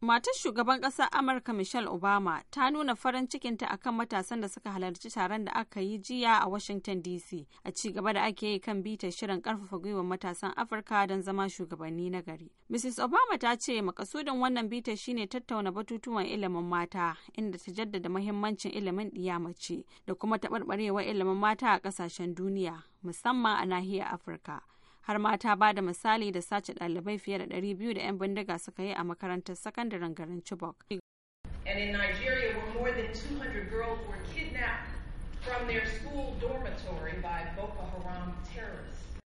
Matar shugaban ƙasar Amurka Michelle Obama ta nuna farin cikinta akan matasan da suka halarci taron da aka yi jiya a Washington DC a ci gaba da ake yi kan bitar shirin ƙarfafa gwiwar matasan Afirka don zama shugabanni na gari. Mrs. Obama ta ce makasudin wannan bitar shine tattauna batutuwan ilimin mata inda ta jaddada mahimmancin ilimin ɗiya mace da kuma taɓarɓarewar ilimin mata a ƙasashen duniya musamman a nahiyar Afirka. har ba da misali da sace fiye da 200 da 'yan bindiga suka yi a makarantar sakandaren garin Chibok. And in Nigeria, where more than 200 girls were kidnapped from their school dormitory by Boko Haram terrorists.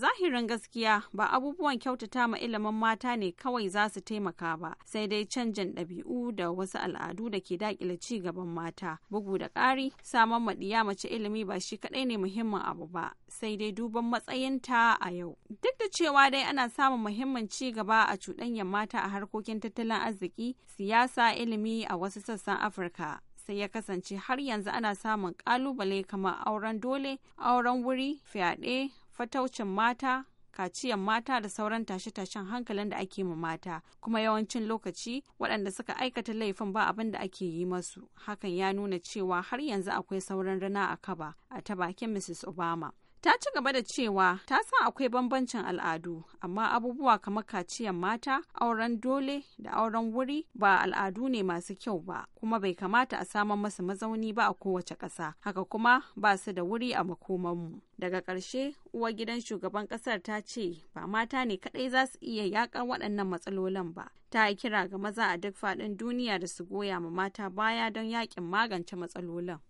Zahirin gaskiya ba abubuwan kyautata ma ilimin mata ne kawai za su taimaka ba, sai dai canjin ɗabi'u da wasu al'adu da ke daƙile ci gaban mata. Bugu da ƙari, saman maɗiya mace ilimi ba shi kaɗai ne muhimmin abu ba, sai dai duban matsayinta a yau. Duk da cewa dai ana samun muhimmin ci gaba a cuɗanyar mata a harkokin tattalin arziki, siyasa, ilimi a wasu sassan Afirka. sai ya kasance har yanzu ana samun ƙalubale kamar auren dole auren wuri fyaɗe fataucin mata kaciyan mata da sauran tashe-tashen hankalin da ake ma mata kuma yawancin lokaci waɗanda suka aikata laifin ba abin da ake yi masu hakan ya nuna cewa har yanzu akwai sauran rana a kaba a ta bakin mrs obama ta ci gaba da cewa ta san akwai bambancin al'adu amma abubuwa kamar kaciyan mata auren dole da auren wuri ba al'adu ne masu kyau ba kuma bai kamata a samar masu mazauni ba a kowace ƙasa haka kuma ba su da wuri a makomanmu daga ƙarshe uwa gidan shugaban ƙasar ta ce ba mata ne kaɗai za su iya yaƙar waɗannan matsalolin ba ta yi kira ga maza a duk faɗin duniya da su goya ma mata baya don yaƙin magance matsalolin.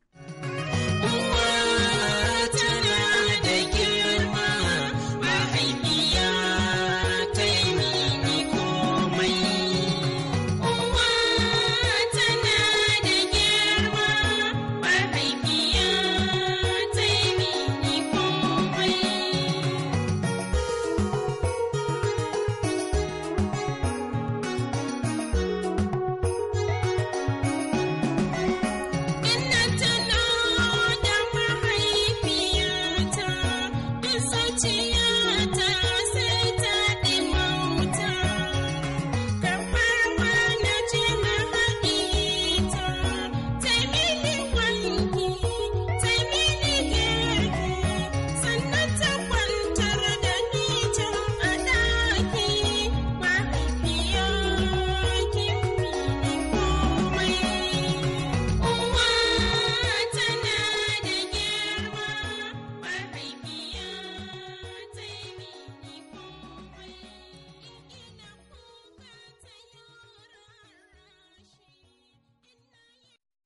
beauty.